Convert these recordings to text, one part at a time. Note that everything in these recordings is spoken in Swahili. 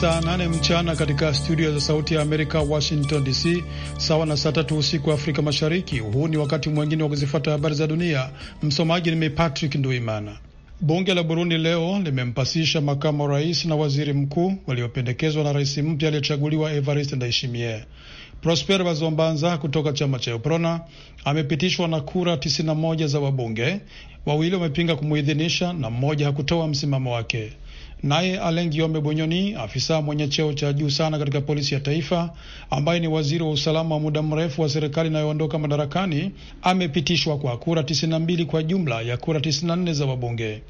saa nane mchana katika studio za Sauti ya Amerika, Washington DC, sawa na saa tatu usiku wa Afrika Mashariki. Huu ni wakati mwengine wa kuzifuata habari za dunia. Msomaji ni Patrick Nduimana. Bunge la Burundi leo limempasisha makamu rais na waziri mkuu waliopendekezwa na rais mpya aliyechaguliwa Evariste Ndayishimiye. Prosper Bazombanza kutoka chama cha UPRONA amepitishwa na kura 91 za wabunge, wawili wamepinga kumuidhinisha na mmoja hakutoa msimamo wake. Naye Alain Guillaume Bonyoni, afisa mwenye cheo cha juu sana katika polisi ya taifa, ambaye ni waziri wa usalama wa muda mrefu wa serikali inayoondoka madarakani, amepitishwa kwa kura 92 kwa jumla ya kura 94 za wabunge.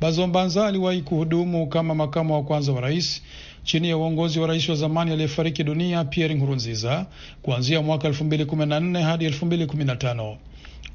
Bazombanza aliwahi kuhudumu kama makamu wa kwanza wa rais chini ya uongozi wa rais wa zamani aliyefariki dunia Pierre Nkurunziza kuanzia mwaka 2014 hadi 2015.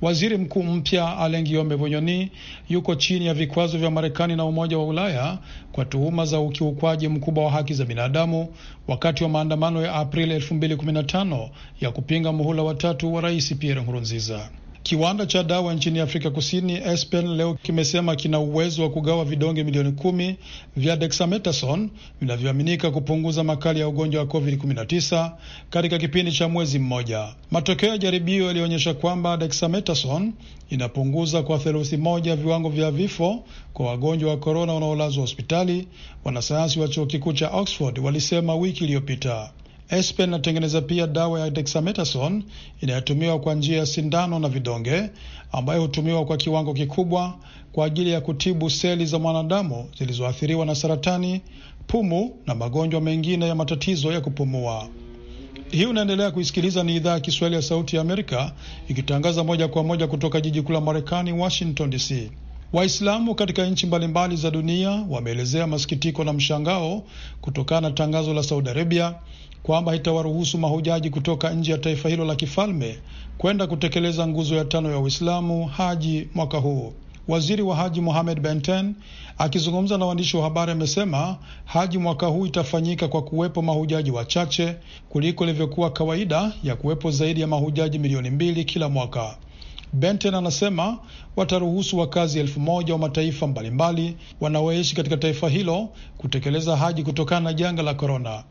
Waziri mkuu mpya Alain Guillaume Vonyoni yuko chini ya vikwazo vya Marekani na Umoja wa Ulaya kwa tuhuma za ukiukwaji mkubwa wa haki za binadamu wakati wa maandamano ya Aprili 2015 ya kupinga muhula watatu wa rais Pierre Nkurunziza. Kiwanda cha dawa nchini Afrika Kusini Aspen leo kimesema kina uwezo wa kugawa vidonge milioni kumi vya dexamethasone vinavyoaminika kupunguza makali ya ugonjwa wa COVID-19 katika kipindi cha mwezi mmoja. Matokeo ya jaribio yalionyesha kwamba dexamethasone inapunguza kwa theluthi moja viwango vya vifo kwa wagonjwa wa korona wanaolazwa hospitali, wanasayansi wa chuo kikuu cha Oxford walisema wiki iliyopita. Aspen inatengeneza pia dawa ya dexamethason inayotumiwa kwa njia ya sindano na vidonge, ambayo hutumiwa kwa kiwango kikubwa kwa ajili ya kutibu seli za mwanadamu zilizoathiriwa na saratani, pumu na magonjwa mengine ya matatizo ya kupumua. Hii unaendelea kuisikiliza, ni idhaa ya Kiswahili ya Sauti ya Amerika ikitangaza moja kwa moja kutoka jiji kuu la Marekani, Washington DC. Waislamu katika nchi mbalimbali za dunia wameelezea masikitiko na mshangao kutokana na tangazo la Saudi Arabia kwamba itawaruhusu mahujaji kutoka nje ya taifa hilo la kifalme kwenda kutekeleza nguzo ya tano ya Uislamu, haji, mwaka huu. Waziri wa haji Mohamed Benten akizungumza na waandishi wa habari amesema haji mwaka huu itafanyika kwa kuwepo mahujaji wachache kuliko ilivyokuwa kawaida ya kuwepo zaidi ya mahujaji milioni mbili kila mwaka. Benten anasema wataruhusu wakazi elfu moja wa mataifa mbalimbali wanaoishi katika taifa hilo kutekeleza haji kutokana na janga la korona.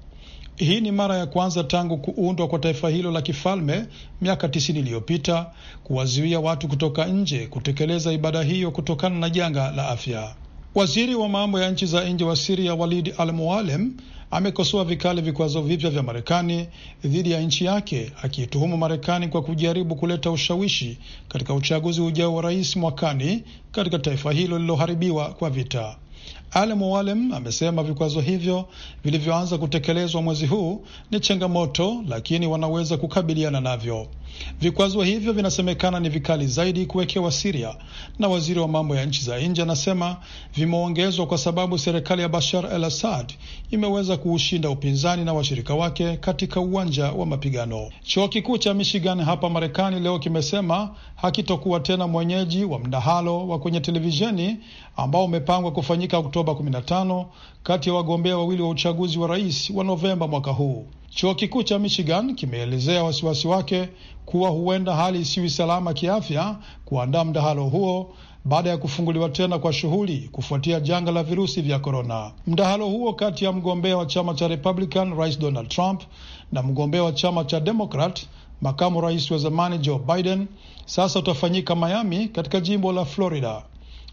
Hii ni mara ya kwanza tangu kuundwa kwa taifa hilo la kifalme miaka tisini iliyopita kuwazuia watu kutoka nje kutekeleza ibada hiyo kutokana na janga la afya. Waziri wa mambo ya nchi za nje wa Siria Walid Al Mualem amekosoa vikali vikwazo vipya vya Marekani dhidi ya nchi yake akiituhumu Marekani kwa kujaribu kuleta ushawishi katika uchaguzi ujao wa rais mwakani katika taifa hilo lililoharibiwa kwa vita. Ale Mwalem amesema vikwazo hivyo vilivyoanza kutekelezwa mwezi huu ni changamoto, lakini wanaweza kukabiliana navyo. Vikwazo hivyo vinasemekana ni vikali zaidi kuwekewa Siria, na waziri wa mambo ya nchi za nje anasema vimeongezwa kwa sababu serikali ya Bashar al Assad imeweza kuushinda upinzani na washirika wake katika uwanja wa mapigano. Chuo kikuu cha Michigan hapa Marekani leo kimesema hakitokuwa tena mwenyeji wa mdahalo wa kwenye televisheni ambao umepangwa kufanyika Oktoba 15 kati ya wagombea wawili wa uchaguzi wa rais wa Novemba mwaka huu. Chuo kikuu cha Michigan kimeelezea wasiwasi wake kuwa huenda hali isiwi salama kiafya kuandaa mdahalo huo baada ya kufunguliwa tena kwa shughuli kufuatia janga la virusi vya korona. Mdahalo huo kati ya mgombea wa chama cha Republican Rais Donald Trump na mgombea wa chama cha Democrat makamu rais wa zamani Joe Biden sasa utafanyika Miami katika jimbo la Florida.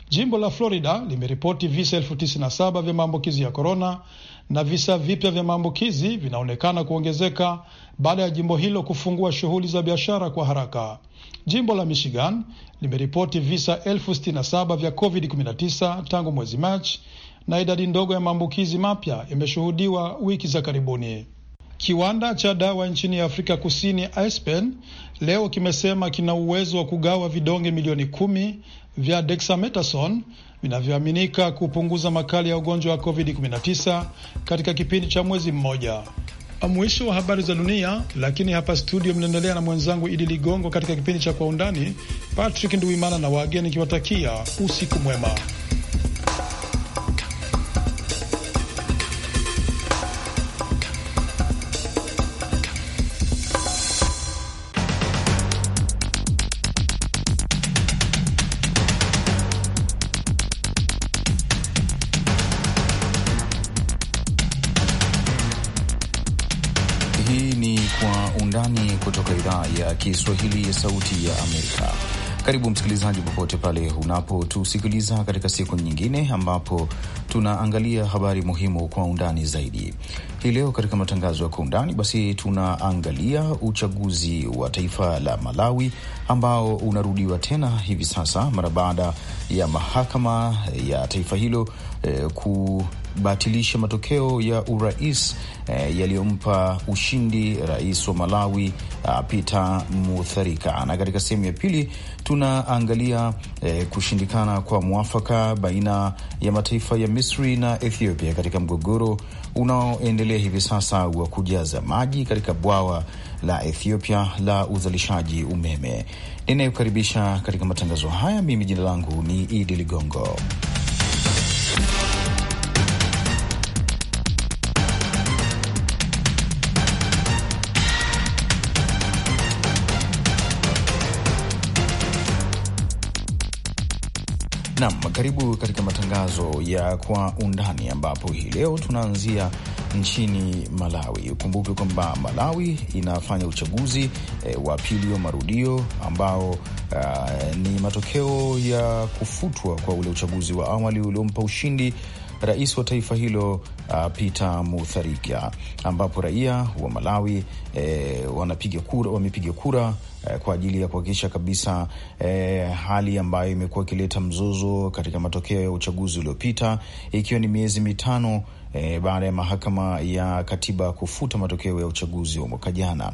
Jimbo la Florida limeripoti visa elfu tisini na saba vya maambukizi ya korona na visa vipya vya maambukizi vinaonekana kuongezeka baada ya jimbo hilo kufungua shughuli za biashara kwa haraka. Jimbo la Michigan limeripoti visa elfu sitini na saba vya COVID-19 tangu mwezi Machi na idadi ndogo ya maambukizi mapya imeshuhudiwa wiki za karibuni. Kiwanda cha dawa nchini Afrika Kusini Aspen leo kimesema kina uwezo wa kugawa vidonge milioni kumi vya dexamethasone vinavyoaminika kupunguza makali ya ugonjwa wa COVID-19 katika kipindi cha mwezi mmoja. Mwisho wa habari za dunia, lakini hapa studio mnaendelea na mwenzangu Idi Ligongo katika kipindi cha Kwa Undani. Patrick nduimana na wageni kiwatakia usiku mwema. Kiswahili ya Sauti ya Amerika. Karibu msikilizaji, popote pale unapotusikiliza katika siku nyingine ambapo tunaangalia habari muhimu kwa undani zaidi. Hii leo katika matangazo ya kwa undani, basi tunaangalia uchaguzi wa taifa la Malawi ambao unarudiwa tena hivi sasa mara baada ya mahakama ya taifa hilo eh, ku kubatilisha matokeo ya urais eh, yaliyompa ushindi rais wa Malawi ah, Peter Mutharika. Na katika sehemu ya pili tunaangalia eh, kushindikana kwa mwafaka baina ya mataifa ya Misri na Ethiopia katika mgogoro unaoendelea hivi sasa wa kujaza maji katika bwawa la Ethiopia la uzalishaji umeme. Ninayokaribisha katika matangazo haya, mimi jina langu ni Idi Ligongo. Nam, karibu katika matangazo ya kwa undani, ambapo hii leo tunaanzia nchini Malawi. Ukumbuke kwamba Malawi inafanya uchaguzi e, wa pili wa marudio ambao a, eh, ni matokeo ya kufutwa kwa ule uchaguzi wa awali uliompa ushindi rais wa taifa hilo uh, Peter Mutharika, ambapo raia wa Malawi eh, wanapiga kura, wamepiga kura eh, kwa ajili ya kuhakikisha kabisa eh, hali ambayo imekuwa ikileta mzozo katika matokeo ya uchaguzi uliopita ikiwa ni miezi mitano eh, baada ya mahakama ya katiba kufuta matokeo ya uchaguzi wa mwaka jana.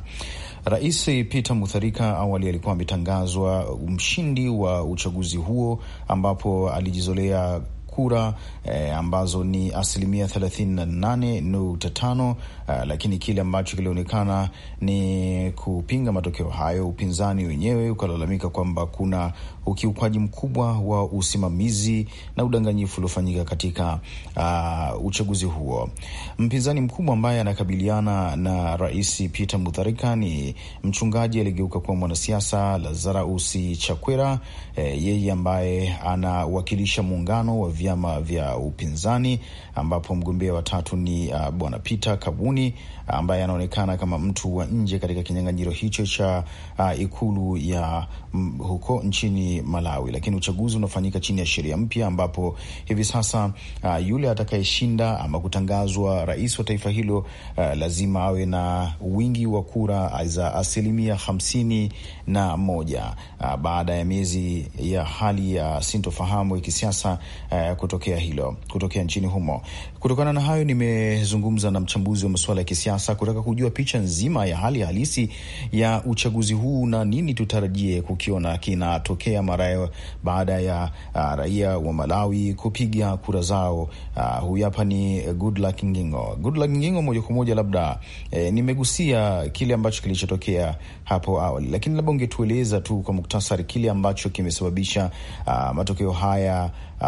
Rais Peter Mutharika awali alikuwa ametangazwa mshindi wa uchaguzi huo ambapo alijizolea kura eh, ambazo ni asilimia 38.5, uh, eh, lakini kile ambacho kilionekana ni kupinga matokeo hayo. Upinzani wenyewe ukalalamika kwamba kuna ukiukwaji mkubwa wa usimamizi na udanganyifu uliofanyika katika uh, uchaguzi huo. Mpinzani mkubwa ambaye anakabiliana na Rais Peter Mutharika ni mchungaji aliyegeuka kuwa mwanasiasa Lazarus Chakwera, eh, yeye ambaye anawakilisha muungano wa vya vyama vya upinzani, ambapo mgombea wa tatu ni uh, bwana Peter Kabuni ambaye anaonekana kama mtu wa nje katika kinyang'anyiro hicho cha uh, ikulu ya m, huko nchini Malawi, lakini uchaguzi unafanyika chini ya sheria mpya, ambapo hivi sasa uh, yule atakayeshinda ama kutangazwa rais wa taifa hilo uh, lazima awe na wingi wa kura za asilimia hamsini na moja. Uh, baada ya miezi ya hali ya sintofahamu ya kisiasa uh, kutokea hilo kutokea nchini humo. Kutokana na hayo, nimezungumza na mchambuzi wa masuala ya kisiasa kutaka kujua picha nzima ya hali halisi ya uchaguzi huu na nini tutarajie kukiona kinatokea mara baada ya uh, raia wa Malawi kupiga kura zao. Uh, huyu hapa ni Goodluck Ngingo. Goodluck Ngingo, moja kwa moja, labda eh, nimegusia kile ambacho kilichotokea hapo awali, lakini labda ungetueleza tu kwa muktasari kile ambacho kimesababisha uh, matokeo haya uh,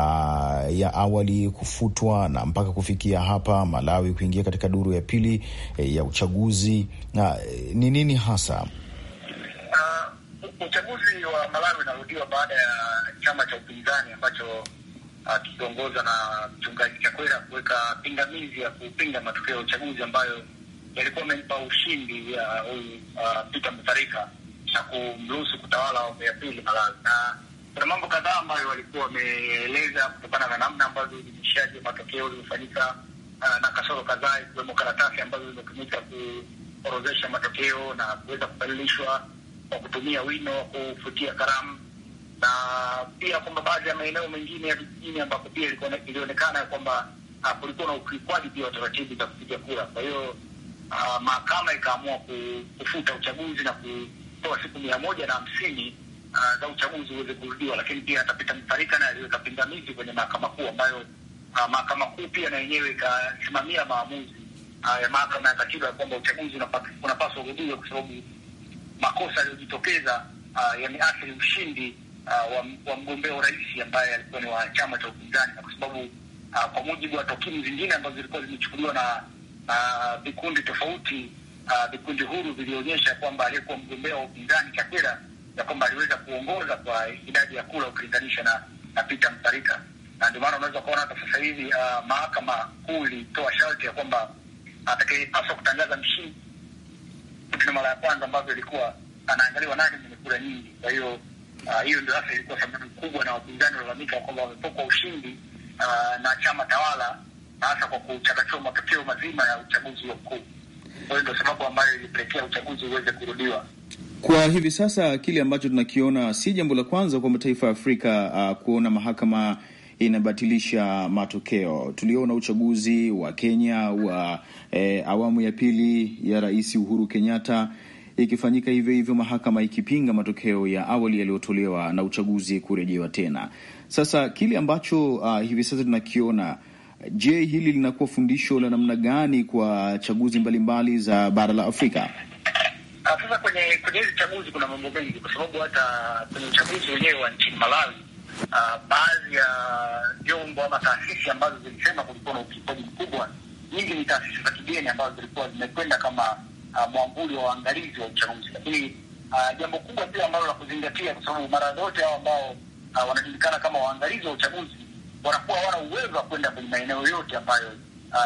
Uh, ya awali kufutwa na mpaka kufikia hapa Malawi kuingia katika duru ya pili e, ya uchaguzi eh, ni nini hasa uh, uchaguzi wa Malawi unarudiwa baada ya chama cha upinzani ambacho akiongoza uh, na mchungaji Chakwera kuweka pingamizi ya kupinga matokeo ya uchaguzi ambayo yalikuwa amempa ushindi ya uh, huyu uh, Peter Mutharika na kumruhusu kutawala awamu ya pili Malawi na kuna mambo kadhaa ambayo walikuwa wameeleza kutokana na namna ambazo uidhinishaji wa matokeo uliofanyika ah, na kasoro kadhaa, ikiwemo karatasi ambazo zilizotumika kuorozesha matokeo na kuweza kubadilishwa kwa kutumia wino wa kufutia karamu, na pia kwamba baadhi ya maeneo mengine ya vijijini ambapo pia ilionekana ya kwamba ah, kulikuwa na ukiukwaji pia wa taratibu za kupiga kura. Kwa hiyo ah, mahakama ikaamua kufuta uchaguzi na kutoa siku mia moja na hamsini Ah, za uchaguzi uweze kurudiwa, lakini pia atapita Mtarika na aliweka pingamizi kwenye mahakama kuu ambayo ah, mahakama kuu pia na yenyewe ikasimamia maamuzi ah, ya mahakama ya katiba ya kwamba uchaguzi unapaswa urudiwe kwa sababu makosa yaliyojitokeza yameathiri ushindi wa, mgombea urais ambaye alikuwa ni wa chama cha upinzani, na kwa sababu kwa mujibu wa takwimu zingine ambazo zilikuwa zimechukuliwa na vikundi tofauti vikundi huru vilionyesha kwamba aliyekuwa mgombea wa upinzani Kakera ya kwamba aliweza kuongoza kwa idadi ya kura ukilinganisha na, na Peter Mutharika, na ndio maana unaweza kuona hata sasa hivi uh, mahakama kuu ilitoa sharti ya kwamba atakayepaswa kutangaza mshindi ni mara ya kwanza ambavyo ilikuwa anaangaliwa nani mwenye kura nyingi. Kwa hiyo uh, hiyo ndio hasa ilikuwa sababu kubwa, na wapinzani walalamika kwamba wamepokwa ushindi uh, na chama tawala, hasa kwa kuchakachua matokeo mazima ya uchaguzi wa mkuu. Kwa hiyo ndio sababu ambayo ilipelekea uchaguzi uweze kurudiwa. Kwa hivi sasa kile ambacho tunakiona si jambo la kwanza kwa mataifa ya Afrika uh, kuona mahakama inabatilisha matokeo. Tuliona uchaguzi wa Kenya wa eh, awamu ya pili ya Rais Uhuru Kenyatta ikifanyika hivyo hivyo, mahakama ikipinga matokeo ya awali yaliyotolewa na uchaguzi kurejewa tena. Sasa kile ambacho uh, hivi sasa tunakiona, je, hili linakuwa fundisho la namna gani kwa chaguzi mbalimbali mbali za bara la Afrika? Ah, sasa kwenye kwenye hizi chaguzi kuna mambo mengi, kwa sababu hata kwenye uchaguzi wenyewe wa nchini Malawi ah, baadhi ya vyombo ama taasisi ambazo zilisema kulikuwa na ukiukaji mkubwa, nyingi ni taasisi za kigeni ambazo zilikuwa zimekwenda kama ah, mwambuli wa waangalizi wa uchaguzi. Lakini jambo kubwa pia ambalo la kuzingatia, kwa sababu mara zote hao ambao wanajulikana kama waangalizi wa uchaguzi wanakuwa hawana uwezo wa kwenda kwenye maeneo yote ambayo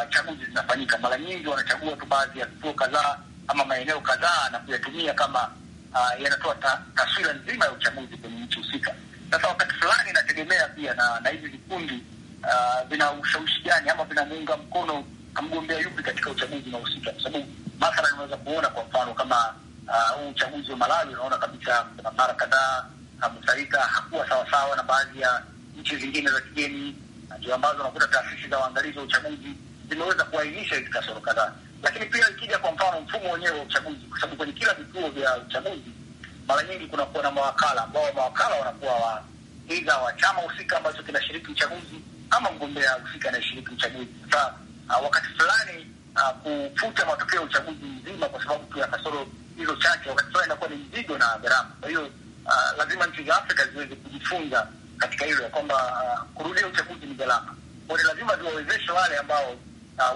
chaguzi zinafanyika. Mara nyingi wanachagua tu baadhi ya vituo kadhaa ama maeneo kadhaa na kuyatumia kama uh, yanatoa ta, taswira nzima ya uchaguzi kwenye nchi husika. Sasa wakati fulani inategemea pia na na hivi vikundi uh, vina ushawishi gani ama vinamuunga mkono mgombea yupi katika uchaguzi unahusika, kwa sababu mathalan unaweza kuona kwa mfano kama ah, huu uh, uchaguzi wa Malawi unaona kabisa mara kadhaa Mutharika hakuwa sawasawa na baadhi ya nchi zingine za kigeni, ndio ambazo unakuta taasisi za waangalizi wa uchaguzi zimeweza kuainisha hizi kasoro kadhaa. Lakini pia ikija kwa mfano mfumo wenyewe wa uchaguzi, kwa sababu kwenye kila vituo vya uchaguzi mara nyingi kunakuwa na mawakala ambao mawakala wanakuwa wa idha wa chama husika ambacho kinashiriki uchaguzi ama mgombea husika anayeshiriki uchaguzi. Sasa ah, wakati fulani uh, kufuta matokeo ya uchaguzi mzima kwa sababu tu ya kasoro hizo chache, wakati fulani inakuwa ni mzigo na gharama. Kwa hiyo uh, lazima nchi za Afrika ziweze kujifunza katika hilo ya kwamba uh, kurudia uchaguzi ni gharama, kwani lazima ziwawezeshe wale ambao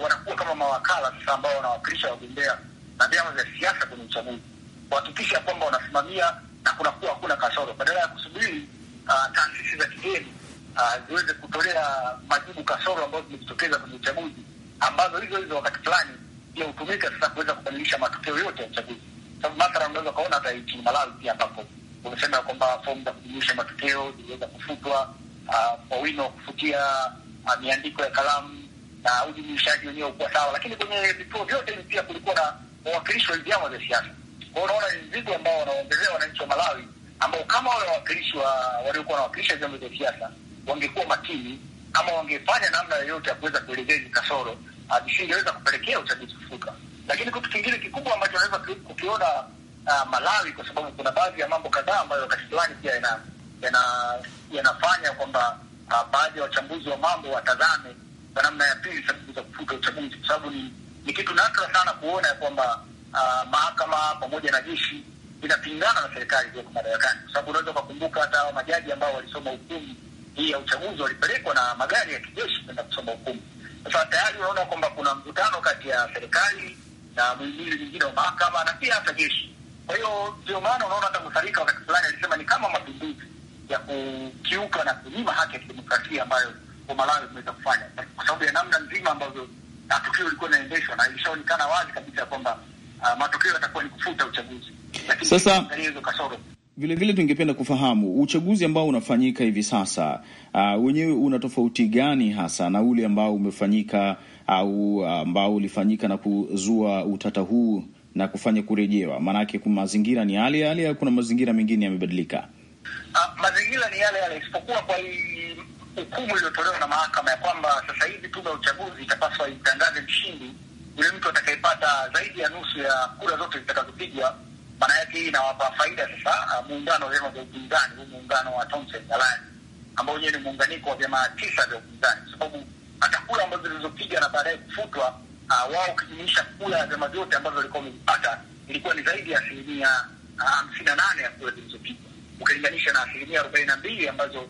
wanakuwa kama mawakala sasa ambao wanawakilisha wagombea na vyama vya siasa kwenye uchaguzi kuhakikisha kwamba wanasimamia na kunakuwa hakuna kasoro, badala ya kusubiri uh, taasisi za kigeni uh, ziweze kutolea majibu kasoro ambazo zimejitokeza kwenye uchaguzi, ambazo hizo hizo wakati fulani pia hutumika sasa kuweza kubadilisha matokeo yote ya uchaguzi. Sababu mathara unaweza ukaona hata nchini Malawi pia ambapo umesema kwamba fomu za kujumuisha matokeo ziliweza kufutwa uh, wino wa kufutia uh, miandiko ya kalamu na ujumuishaji wenyewe ukuwa sawa, lakini kwenye vituo vyote hivi pia kulikuwa na wawakilishi wa vyama vya siasa. Kwao unaona ni mzigo ambao wanaongezea wananchi wa Malawi ambao kama wale wawakilishi wa waliokuwa wanawakilisha vyama vya siasa wangekuwa makini ama wangefanya namna yoyote ya kuweza kuelezea hizi kasoro, visingeweza kupelekea uchaguzi kufuka. Lakini kitu kingine kikubwa ambacho wanaweza kukiona uh, Malawi, kwa sababu kuna baadhi ya mambo kadhaa ambayo wakati fulani pia yana, yana, yanafanya kwamba uh, baadhi ya wachambuzi wa mambo watazame kwa namna ya pili sababu za kufuta uchaguzi, kwa sababu ni, ni kitu nadra sana kuona ya kwamba uh, mahakama pamoja na jeshi inapingana na serikali iliyoko madarakani, kwa sababu unaweza ukakumbuka hata majaji ambao walisoma hukumu hii ya uchaguzi walipelekwa na magari ya kijeshi kwenda kusoma hukumu. Sasa tayari unaona kwamba kuna mvutano kati ya serikali na muhimili mwingine wa mahakama na pia hata jeshi. Kwa hiyo ndio maana unaona hata Mutharika wakati fulani alisema ni kama mapinduzi ya kukiuka na kunyima haki ya kidemokrasia ambayo huko Malawi tumeweza kufanya kwa sababu ya namna nzima ambavyo tukio ilikuwa inaendeshwa na ilishaonekana wazi kabisa kwamba uh, matokeo yatakuwa ni kufuta uchaguzi. Lakini sasa hizo kasoro vile vile tungependa kufahamu uchaguzi ambao unafanyika hivi sasa uh, wenyewe una tofauti gani hasa na ule ambao umefanyika au ah, ambao ulifanyika na kuzua utata huu na kufanya kurejewa? Maanake mazingira ni yale yale, kuna mazingira mengine yamebadilika. Uh, mazingira ni yale yale isipokuwa kwa hukumu iliyotolewa na mahakama ya kwamba sasa hivi tume ya uchaguzi itapaswa itangaze mshindi yule mtu atakayepata zaidi ya nusu ya kura zote zitakazopigwa. Maana yake hii inawapa faida sasa ah, muungano wa vyama vya upinzani, huu muungano wa Thomson Alliance ambao wenyewe ni muunganiko wa vyama tisa vya upinzani, kwa sababu hata kura ambazo zilizopigwa na baadaye kufutwa, uh, wao ukijumuisha kura ya vyama vyote ambavyo walikuwa wamevipata ilikuwa ni zaidi ya asilimia ah, hamsini na nane ya kura zilizopigwa ukilinganisha na asilimia arobaini na mbili ambazo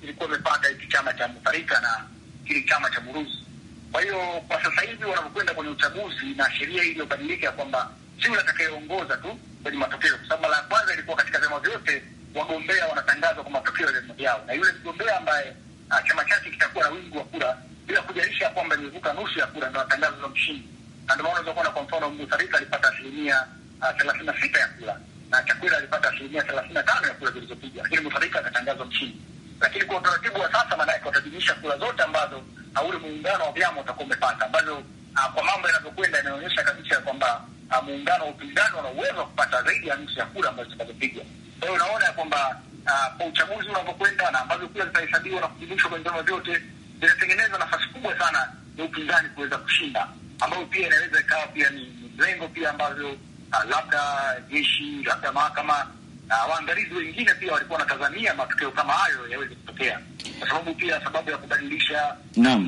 zilikuwa ah, uh, imepata hiki chama cha Mutharika na kile chama cha Buruzi. Kwa hiyo kwa sasa hivi wanapokwenda kwenye uchaguzi na sheria hii iliyobadilika ya kwamba siule atakayeongoza tu kwenye matokeo, kwa sababu mara ya kwanza ilikuwa katika vyama vyote wagombea wanatangazwa kwa matokeo ya vyama vyao, na yule mgombea ambaye uh, chama chake kitakuwa na wingi wa kura bila kujarisha kwamba imevuka nusu ya kura, ndo atangazwa mshindi. Na ndio maana unaweza kuona kwa mfano Mutharika alipata asilimia ah, thelathini na sita ya kura na chakula alipata asilimia thelathini na tano ya kura zilizopiga, lakini Mutharika akatangazwa mshindi. Lakini kwa utaratibu wa sasa, maanake watajumuisha kura zote ambazo aule muungano wa vyama utakuwa umepata, ambazo ah, kwa mambo yanavyokwenda inaonyesha kabisa ya kwamba ah, muungano wa upinzani wana uwezo wa kupata zaidi ya nusu ya kura ambazo zitakazopigwa. Kwa hiyo unaona ya kwamba ah, kwa uchaguzi unavyokwenda na ambavyo kura zitahesabiwa na kujumuishwa kwenye vyama vyote, zinatengeneza nafasi kubwa sana ya upinzani kuweza kushinda, ambayo pia inaweza ikawa pia ni lengo pia ambavyo Ah, labda jeshi, labda mahakama na waangalizi wengine pia walikuwa wanatazamia matokeo kama hayo yaweze kutokea, kwa sababu pia sababu ya kubadilisha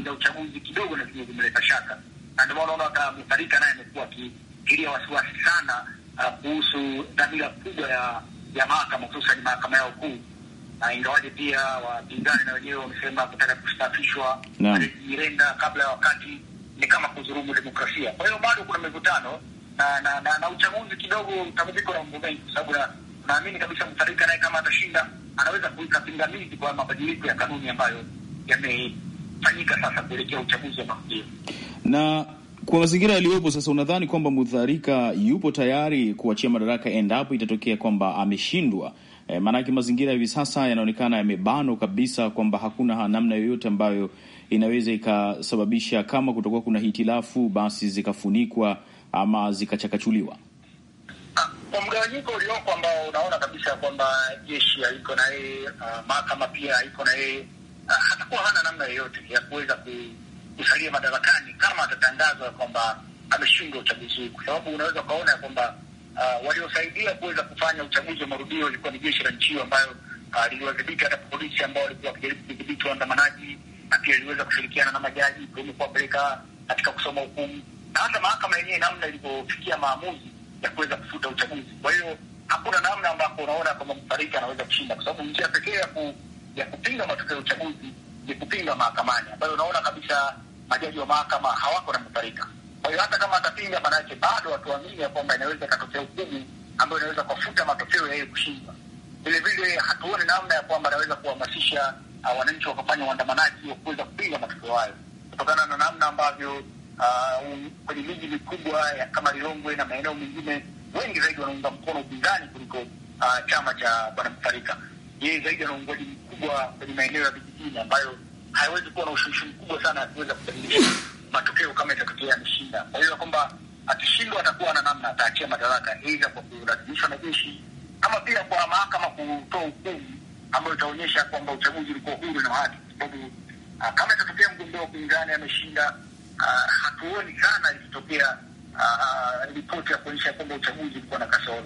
za uchaguzi kidogo na zenye kumeleta shaka, na ndio maana unaona hata Mutharika naye amekuwa akikilia wasiwasi sana ah, kuhusu dhamira kubwa ya ya mahakama hususan mahakama yao kuu, na ingawaje pia wapinzani na wenyewe wamesema kutaka kustafishwa Irenda kabla ya wakati ni kama kuzurumu demokrasia. Kwa hiyo bado kuna mivutano na na, na, na uchaguzi kidogo mtamziko na mambo mengi, kwa sababu naamini kabisa Mtarika naye kama atashinda anaweza kuweka pingamizi kwa mabadiliko ya kanuni ambayo yamefanyika sasa kuelekea uchaguzi wa marudio. Na kwa mazingira yaliyopo sasa, unadhani kwamba Mutharika yupo tayari kuachia madaraka endapo itatokea kwamba ameshindwa? E, maanake mazingira hivi sasa yanaonekana yamebanwa kabisa kwamba hakuna namna yoyote ambayo inaweza ikasababisha kama kutokuwa kuna hitilafu basi zikafunikwa ama zikachakachuliwa? Kwa mgawanyiko ulioko ambao unaona kabisa kwamba jeshi haiko na yeye, uh, mahakama pia haiko na yeye, uh, hatakuwa hana namna yoyote ya kuweza kusalia madarakani kama atatangazwa kwamba ameshindwa uchaguzi huu, kwa sababu unaweza ukaona kwamba uh, waliosaidia kuweza kufanya uchaguzi wa marudio ilikuwa ni jeshi la nchi hiyo ambayo uh, liliwadhibiti hata polisi ambao walikuwa wakijaribu kudhibiti waandamanaji, na pia iliweza kushirikiana na majaji kuwapeleka katika kusoma hukumu na hata mahakama yenyewe namna ilivyofikia maamuzi ya kuweza kufuta uchaguzi. Kwa hiyo hakuna namna ambapo unaona kwamba mfariki anaweza kushinda, kwa sababu njia pekee ya, ku, ya kupinga matokeo ya uchaguzi ni kupinga mahakamani, ambayo unaona kabisa majaji wa mahakama hawako na mfarika. Kwa hiyo hata kama atapinga, maanake bado hatuamini ya kwamba inaweza ikatokea hukumu ambayo inaweza kufuta matokeo ya yeye kushindwa. Vile vile hatuone namna ya kwamba anaweza kuhamasisha ah, wananchi wakafanya uandamanaji wa kuweza kupinga matokeo hayo kutokana na namna ambavyo Ah, um, kwenye miji mikubwa ya kama Lilongwe na maeneo mengine, wengi zaidi wanaunga mkono upinzani kuliko uh, chama cha bwana Mutharika. Yeye zaidi ana uungwaji mkubwa kwenye maeneo ya vijijini ambayo haiwezi kuwa na ushawishi mkubwa sana ya kuweza kubadilisha matokeo kama itatokea ameshinda. Kwa hiyo kwamba akishindwa atakuwa na namna, ataachia madaraka, aidha kwa kulazimishwa na jeshi ama pia kwa mahakama kutoa hukumu ambayo itaonyesha kwamba uchaguzi ulikuwa huru na haki, kwa sababu ah, kama itatokea mgombea wa upinzani ameshinda uh, hatuoni sana ikitokea uh, ah, ripoti ya kuonyesha kwamba uchaguzi ulikuwa na kasoro.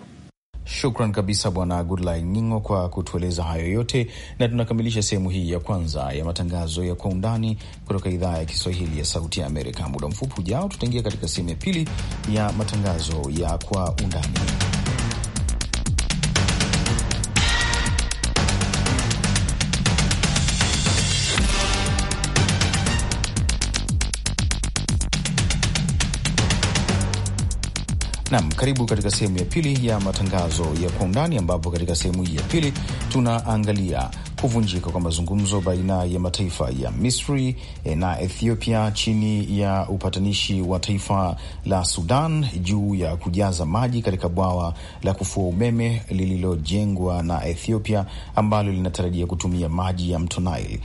Shukran kabisa Bwana Goodline Nying'o kwa kutueleza hayo yote, na tunakamilisha sehemu hii ya kwanza ya matangazo ya kwa undani kutoka idhaa ya Kiswahili ya Sauti ya Amerika. Muda mfupi ujao, tutaingia katika sehemu ya pili ya matangazo ya kwa undani. Nam, karibu katika sehemu ya pili ya matangazo ya kwa undani, ambapo katika sehemu hii ya pili tunaangalia kuvunjika kwa mazungumzo baina ya mataifa ya Misri eh, na Ethiopia chini ya upatanishi wa taifa la Sudan juu ya kujaza maji katika bwawa la kufua umeme lililojengwa na Ethiopia ambalo linatarajia kutumia maji ya mto Nile.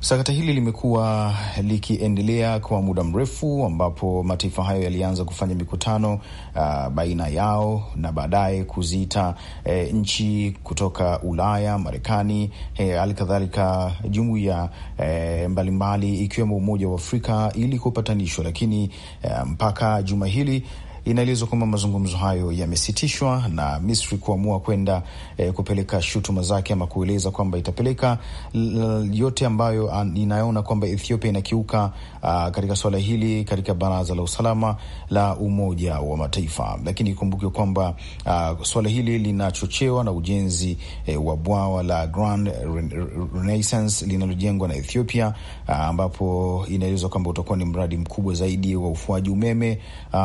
Sakata hili limekuwa likiendelea kwa muda mrefu, ambapo mataifa hayo yalianza kufanya mikutano uh, baina yao na baadaye kuziita eh, nchi kutoka Ulaya, Marekani, hali eh, kadhalika jumuiya eh, mbalimbali ikiwemo Umoja wa Afrika ili kupatanishwa, lakini eh, mpaka juma hili Inaelezwa kwamba mazungumzo hayo yamesitishwa na Misri kuamua kwenda e, kupeleka shutuma zake ama kueleza kwamba itapeleka eh, yote ambayo inaona kwamba Ethiopia inakiuka ah, katika suala hili katika Baraza la Usalama la Umoja wa Mataifa, lakini ikumbuke kwamba ah, suala hili linachochewa na ujenzi e, wa bwawa la Grand Renaissance linalojengwa na Ethiopia ah, ambapo inaelezwa kwamba utakuwa ni mradi mkubwa zaidi wa ufuaji umeme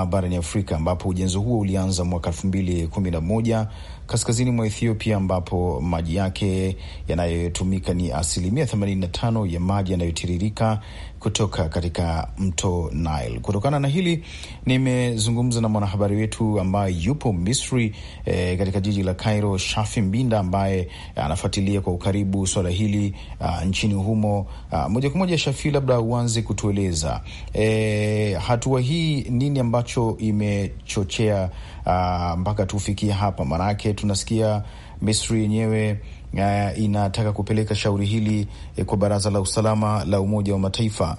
barani Afrika Afrika ambapo ujenzi huo ulianza mwaka elfu mbili kumi na moja kaskazini mwa Ethiopia, ambapo maji yake yanayotumika ni asilimia 85 ya maji yanayotiririka kutoka katika mto Nile. Kutokana na hili, nimezungumza na mwanahabari wetu ambaye yupo Misri, e, katika jiji la Cairo, Shafi Mbinda, ambaye anafuatilia kwa ukaribu swala hili a, ah, nchini humo. A, ah, moja kwa moja, Shafi, labda uanze kutueleza e, hatua hii, nini ambacho imechochea uh, mpaka tufikie hapa, maanake tunasikia Misri yenyewe uh, inataka kupeleka shauri hili eh, kwa Baraza la Usalama la Umoja wa Mataifa.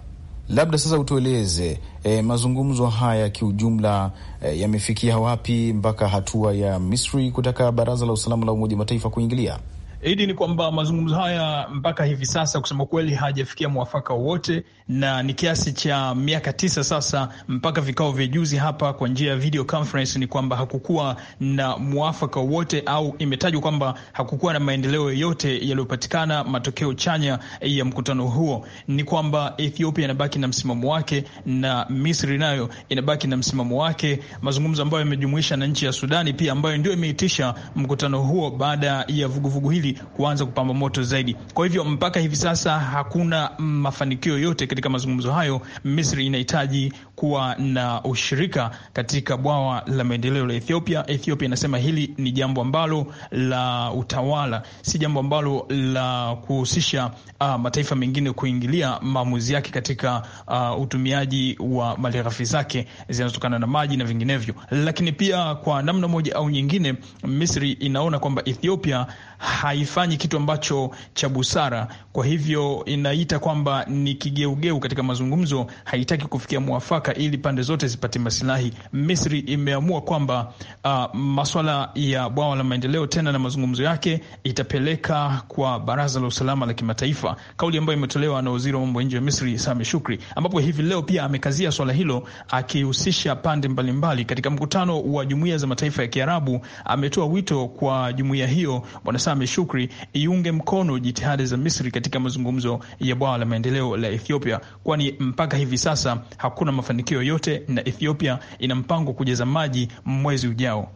Labda sasa utueleze eh, mazungumzo haya kiujumla eh, yamefikia wapi mpaka hatua ya Misri kutaka Baraza la Usalama la Umoja wa Mataifa kuingilia? Idi, ni kwamba mazungumzo haya mpaka hivi sasa kusema kweli hajafikia mwafaka wowote, na ni kiasi cha miaka tisa sasa mpaka vikao vya juzi hapa kwa njia ya video conference, ni kwamba hakukuwa na mwafaka wowote, au imetajwa kwamba hakukuwa na maendeleo yoyote yaliyopatikana, matokeo chanya ya mkutano huo. Ni kwamba Ethiopia inabaki na msimamo wake na Misri nayo inabaki na msimamo wake, mazungumzo ambayo yamejumuisha na nchi ya Sudani pia ambayo ndio imeitisha mkutano huo baada ya vuguvugu hili kuanza kupamba moto zaidi. Kwa hivyo mpaka hivi sasa hakuna mafanikio yote katika mazungumzo hayo. Misri inahitaji kuwa na ushirika katika bwawa la maendeleo la Ethiopia. Ethiopia inasema hili ni jambo ambalo la utawala, si jambo ambalo la kuhusisha uh, mataifa mengine kuingilia maamuzi yake katika uh, utumiaji wa malighafi zake zinazotokana na maji na vinginevyo. Lakini pia kwa namna moja au nyingine, Misri inaona kwamba Ethiopia haifanyi kitu ambacho cha busara, kwa hivyo inaita kwamba ni kigeugeu katika mazungumzo, haitaki kufikia mwafaka mpaka ili pande zote zipate masilahi. Misri imeamua kwamba uh, maswala ya bwawa la maendeleo tena na mazungumzo yake itapeleka kwa baraza la usalama la kimataifa, kauli ambayo imetolewa na waziri wa mambo ya nje wa Misri Sami Shukri, ambapo hivi leo pia amekazia swala hilo akihusisha pande mbalimbali mbali. Katika mkutano wa jumuiya za mataifa ya Kiarabu ametoa wito kwa jumuiya hiyo, bwana Sami Shukri, iunge mkono jitihada za Misri katika mazungumzo ya bwawa la maendeleo la Ethiopia, kwani mpaka hivi sasa hakuna mafanikio mafanikio yote na Ethiopia ina mpango wa kujaza maji mwezi ujao.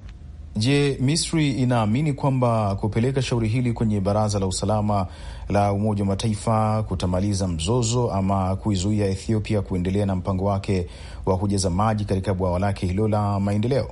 Je, Misri inaamini kwamba kupeleka shauri hili kwenye Baraza la Usalama la Umoja wa Mataifa kutamaliza mzozo ama kuizuia Ethiopia kuendelea na mpango wake wa kujaza maji katika bwawa lake hilo la maendeleo?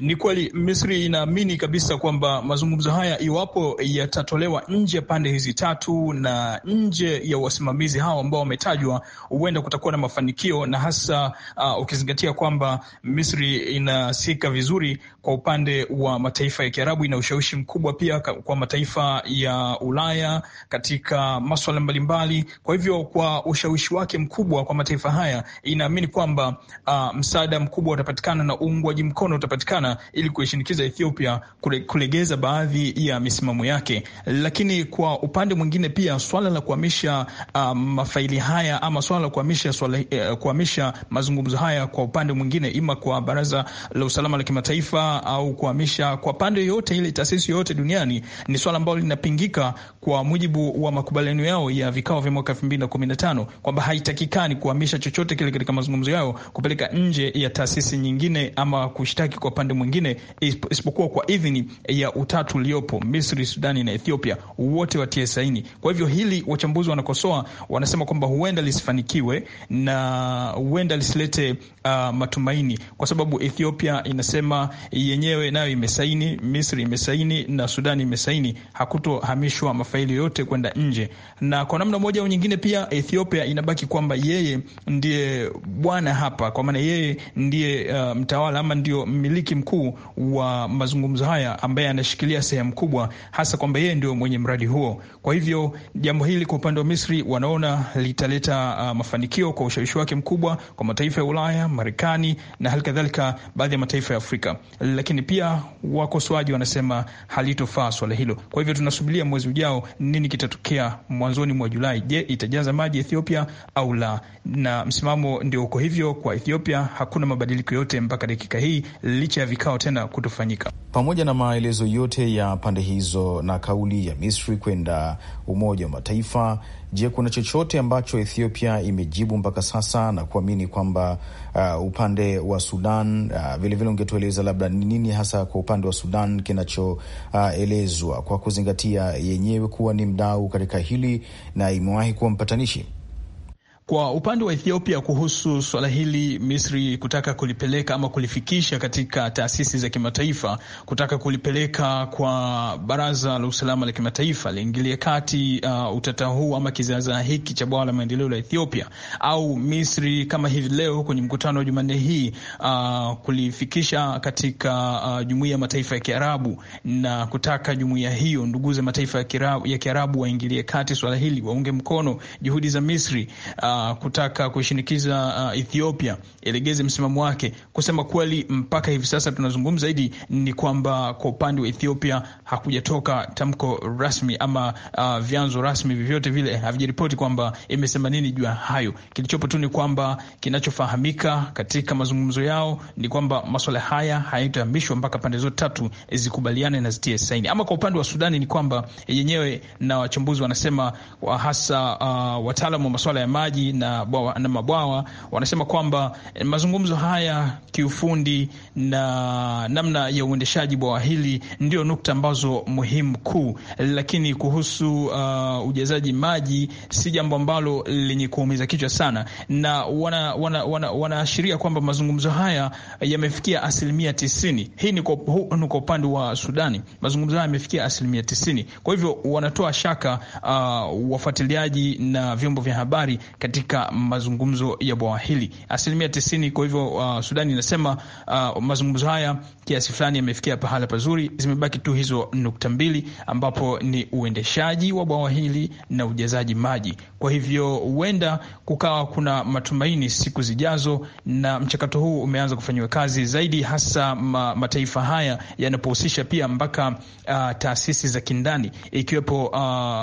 Ni kweli Misri inaamini kabisa kwamba mazungumzo haya, iwapo yatatolewa nje ya pande hizi tatu na nje ya wasimamizi hawa ambao wametajwa, huenda kutakuwa na mafanikio, na hasa uh, ukizingatia kwamba Misri inasika vizuri kwa upande wa mataifa ya Kiarabu, ina ushawishi mkubwa pia kwa mataifa ya Ulaya katika maswala mbalimbali. Kwa hivyo, kwa ushawishi wake mkubwa kwa mataifa haya, inaamini kwamba uh, msaada mkubwa utapatikana na uungwaji mkono utapatikana sana ili kuishinikiza Ethiopia kule, kulegeza baadhi ya misimamo yake. Lakini kwa upande mwingine pia swala la kuhamisha um, mafaili haya ama swala la kuhamisha eh, kuhamisha mazungumzo haya kwa upande mwingine, ima kwa Baraza la Usalama la Kimataifa au kuhamisha kwa pande yoyote ile, taasisi yoyote duniani, ni swala ambalo linapingika kwa mujibu wa makubaliano yao ya vikao vya mwaka 2015 kwamba haitakikani kuhamisha chochote kile katika mazungumzo yao kupeleka nje ya taasisi nyingine ama kushtaki kwa pande mwingine isipokuwa kwa idhini ya utatu uliopo Misri, Sudani na Ethiopia, wote watie saini. Kwa hivyo hili wachambuzi wanakosoa, wanasema kwamba huenda lisifanikiwe na huenda lisilete uh, matumaini kwa sababu Ethiopia inasema yenyewe nayo imesaini, Misri imesaini na Sudani imesaini, hakutohamishwa mafaili yote kwenda nje. Na kwa namna moja au nyingine, pia Ethiopia inabaki kwamba yeye ndiye bwana hapa, kwa maana yeye ndiye uh, mtawala ama ndio mmiliki mkuu mkuu wa mazungumzo haya ambaye anashikilia sehemu kubwa, hasa kwamba yeye ndio mwenye mradi huo. Kwa hivyo jambo hili kwa upande wa Misri wanaona litaleta uh, mafanikio kwa ushawishi wake mkubwa kwa mataifa ya Ulaya, Marekani na hali kadhalika baadhi ya mataifa ya Afrika, lakini pia wakosoaji wanasema halitofaa swala hilo. Kwa hivyo tunasubiria mwezi ujao nini kitatokea mwanzoni mwa Julai. Je, itajaza maji Ethiopia au la? Na msimamo ndio uko hivyo kwa Ethiopia, hakuna mabadiliko yote mpaka dakika hii licha ya ikawa tena kutofanyika. Pamoja na maelezo yote ya pande hizo na kauli ya Misri kwenda Umoja wa Mataifa, je, kuna chochote ambacho Ethiopia imejibu mpaka sasa na kuamini kwamba uh, upande wa Sudan vilevile, uh, vile ungetueleza labda ni nini hasa kwa upande wa Sudan kinachoelezwa uh, kwa kuzingatia yenyewe kuwa ni mdau katika hili na imewahi kuwa mpatanishi? Kwa upande wa Ethiopia kuhusu swala hili, Misri kutaka kulipeleka ama kulifikisha katika taasisi za kimataifa, kutaka kulipeleka kwa Baraza la Usalama la Kimataifa liingilie kati uh, utata huu ama kizaazaa hiki cha bwawa la maendeleo la Ethiopia, au Misri kama hivi leo kwenye mkutano wa Jumanne hii uh, kulifikisha katika uh, jumuia ya Mataifa ya Kiarabu na kutaka jumuia hiyo, nduguze mataifa ya Kiarabu waingilie kati swala hili, waunge mkono juhudi za Misri uh, Uh, kutaka kushinikiza uh, Ethiopia ilegeze msimamo wake. Kusema kweli, mpaka hivi sasa tunazungumza zaidi ni kwamba kwa upande wa Ethiopia hakujatoka tamko rasmi ama uh, vyanzo rasmi vyovyote vile havijaripoti kwamba imesema nini juu ya hayo. Kilichopo tu ni kwamba kinachofahamika katika mazungumzo yao ni kwamba masuala haya hayatahamishwa mpaka pande zote tatu zikubaliane na zitie saini. Ama kwa upande wa Sudani ni kwamba yenyewe na wachambuzi wanasema wa uh, hasa uh, wataalamu wa masuala ya maji na, bawa, na mabwawa wanasema kwamba eh, mazungumzo haya kiufundi na namna ya uendeshaji bwawa hili ndio nukta ambazo muhimu kuu, lakini kuhusu uh, ujazaji maji si jambo ambalo lenye kuumiza kichwa sana, na wanaashiria wana, wana, wana kwamba mazungumzo haya yamefikia asilimia tisini. Hii ni kwa upande wa Sudani, mazungumzo haya yamefikia asilimia tisini. Kwa hivyo wanatoa shaka uh, wafuatiliaji na vyombo vya habari katika katika mazungumzo ya bwawa hili, asilimia tisini. Kwa hivyo uh, Sudani inasema uh, mazungumzo haya kiasi fulani yamefikia pahala pazuri, zimebaki tu hizo nukta mbili ambapo ni uendeshaji wa bwawa hili na ujazaji maji. Kwa hivyo huenda kukawa kuna matumaini siku zijazo, na mchakato huu umeanza kufanyiwa kazi zaidi, hasa ma, mataifa haya yanapohusisha pia mpaka uh, taasisi za kindani ikiwepo uh,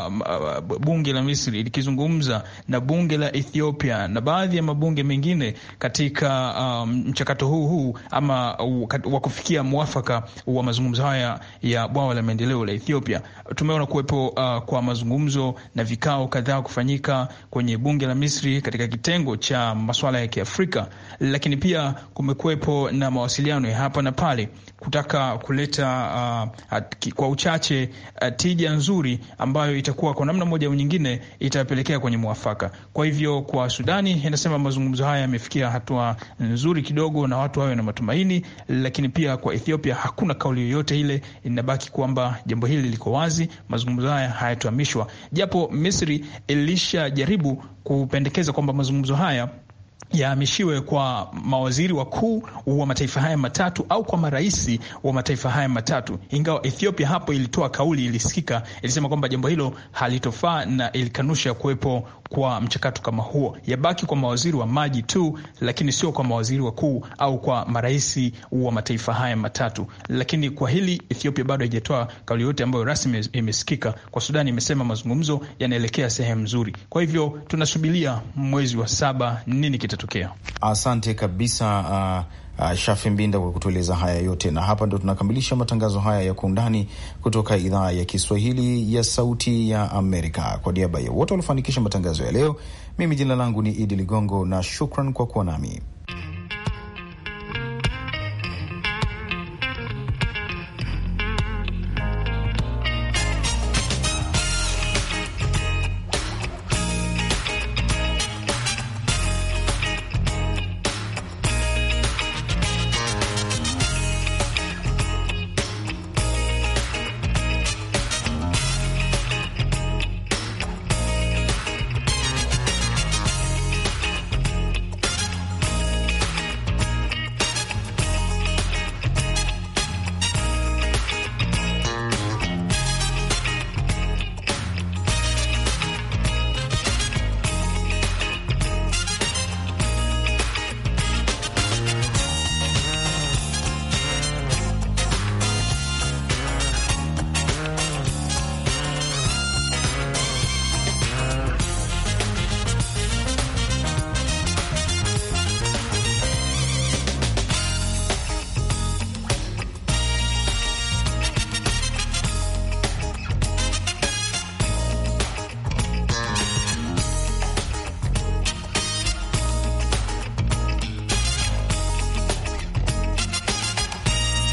uh bunge la Misri likizungumza na bunge la Ethiopia na baadhi ya mabunge mengine katika um, mchakato um, huu huu ama uh, wa kufikia mwafaka wa mazungumzo haya ya bwawa la maendeleo la Ethiopia. Tumeona kuwepo uh, kwa mazungumzo na vikao kadhaa kufanyika kwenye bunge la Misri katika kitengo cha masuala ya Kiafrika, lakini pia kumekuwepo na mawasiliano ya hapa na pale kutaka kuleta uh, kwa uchache uh, tija nzuri ambayo itakuwa kwa namna moja au nyingine itapelekea kwenye mwafaka. Kwa hivyo hiyo kwa Sudani inasema mazungumzo haya yamefikia hatua nzuri kidogo, na watu wawe na matumaini. Lakini pia kwa Ethiopia hakuna kauli yoyote ile, inabaki kwamba jambo hili liko wazi, mazungumzo haya hayatuhamishwa, japo Misri ilishajaribu kupendekeza kwamba mazungumzo haya yahamishiwe kwa mawaziri wakuu wa mataifa haya matatu au kwa maraisi wa mataifa haya matatu, ingawa Ethiopia hapo ilitoa kauli, ilisikika, ilisema kwamba jambo hilo halitofaa na ilikanusha kuwepo kwa mchakato kama huo, yabaki kwa mawaziri wa maji tu, lakini sio kwa mawaziri wakuu au kwa marais wa mataifa haya matatu. Lakini kwa hili Ethiopia bado haijatoa kauli yote ambayo rasmi imesikika. Kwa Sudani imesema mazungumzo yanaelekea sehemu nzuri, kwa hivyo tunasubiria mwezi wa saba nini kitatokea. Asante kabisa. Uh uh, Shafi Mbinda kwa kutueleza haya yote, na hapa ndo tunakamilisha matangazo haya ya kwa undani kutoka idhaa ya Kiswahili ya Sauti ya Amerika. Kwa niaba ya wote waliofanikisha matangazo ya leo, mimi jina langu ni Idi Ligongo na shukran kwa kuwa nami.